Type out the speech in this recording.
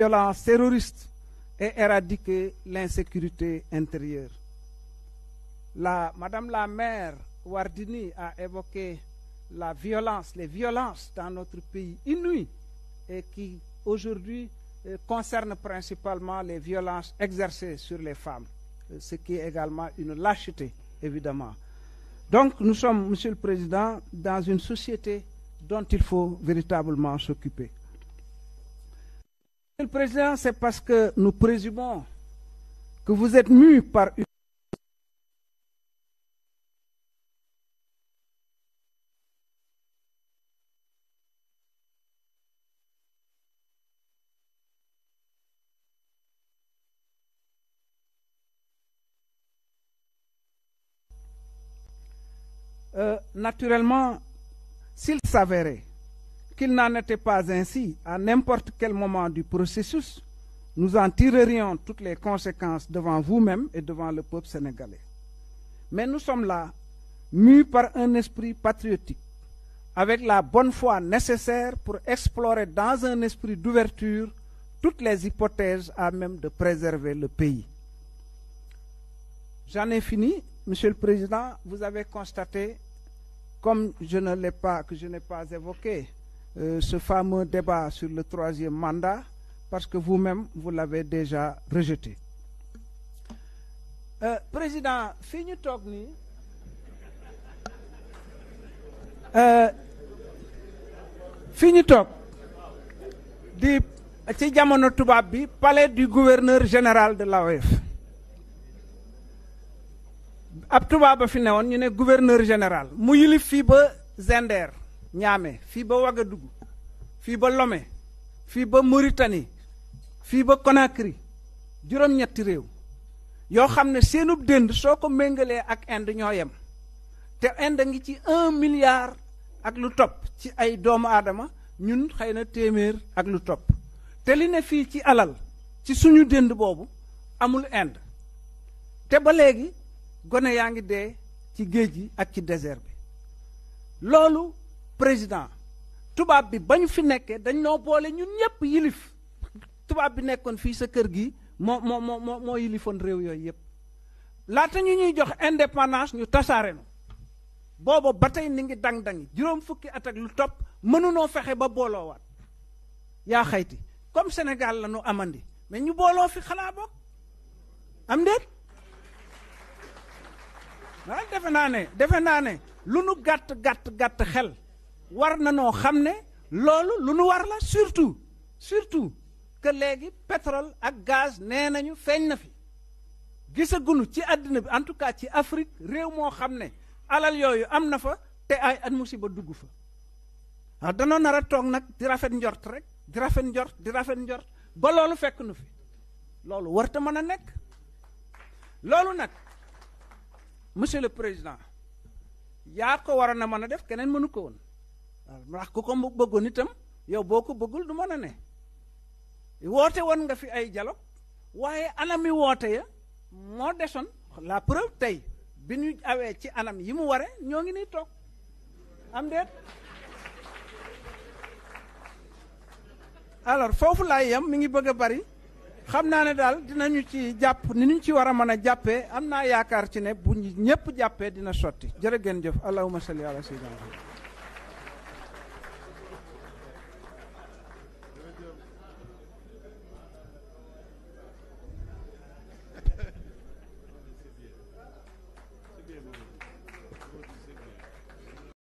violence terroriste et éradiquer l'insécurité intérieure. La, Madame la maire Wardini a évoqué la violence, les violences dans notre pays inouïes et qui aujourd'hui eh, concernent principalement les violences exercées sur les femmes, euh, ce qui est également une lâcheté, évidemment. Donc nous sommes, Monsieur le Président, dans une société dont il faut véritablement s'occuper. Monsieur le Président, c'est parce que nous présumons que vous êtes mu par une Euh, naturellement, s'il s'avérait qu'il n'en était pas ainsi à n'importe quel moment du processus, nous en tirerions toutes les conséquences devant vous-même et devant le peuple sénégalais. Mais nous sommes là, mus par un esprit patriotique, avec la bonne foi nécessaire pour explorer dans un esprit d'ouverture toutes les hypothèses à même de préserver le pays. J'en ai fini, Monsieur le Président, vous avez constaté, comme je ne l'ai pas, que je n'ai pas évoqué, euh, ce fameux débat sur le troisième mandat parce que vous-même, vous l'avez déjà rejeté. Euh, président fii ñu toog nii euh, fii ñu toog di ci jamono tubaab bi palais du gouverneur général de l'AOF ab tubaab ba fi newoon ñu ne gouverneur général mu yilif fii ba Zender ñaame fii ba Ouagadougou fii ba Lomé fii ba Mauritanie fii ba Conakry juróom-ñetti réew yoo xam ne seenub dënd soo ko méngalee ak Inde ñoo yem te Inde ngi ci un milliard ak lu topp ci ay doomu aadama ñun xëy na téeméer ak lu topp te li ne fii ci alal ci suñu dënd boobu amul Inde te ba léegi gone yaa ngi dee ci géej gi ak ci désert bi président tubaab bi bañ fi nekkee dañ noo boole ñun ñëpp yilif tubaab bi nekkoon fii sa kër gi moo moo moo moo yilifoon réew yooyu yëpp laata ñu ñuy jox indépendance ñu tasaare nu booba ba tey ni ngi dang-dangi juróom fukki at ak lu topp mënunoo fexe ba booloowaat yaa xayti comme Sénégal la nu amandi mais ñu booloo fi xanaa bokk am déet waaw defe naa ne defe naa ne lu nu gàtt gàtt gàtt xel war na noo xam ne loolu lu nu war la surtout surtout que léegi pétrole ak gaz nee nañu feeñ na fi gisagunu ci àddina bi en tout cas ci Afrique réew moo xam ne alal yooyu am na fa te ay at musiba dugg fa waaw ah, danoo nar a toog nag di rafet njort rek di rafet njort di rafet njort ba loolu fekk nu fi loolu warta mën a nekk loolu nag monsieur le président yaa ko waroon na mën a def keneen mënu ko woon ndax ku ko bëggoon itam yow boo ko bëggul du mën a ne woote woon nga fi ay dialogue waaye anami woote ya moo desoon la preuve tey bi ñu awee ci anam yi mu ware ñoo ngi nii toog am déet alors foofu laay yam mi ngi bëgg a bari xam naa ne daal dinañu ci jàpp ni ñu ci war a mën a jàppee am naa yaakaar ci ne bu ñëpp jàppee dina sotti jërë ngeen jëf allahumma salli ala sayyidina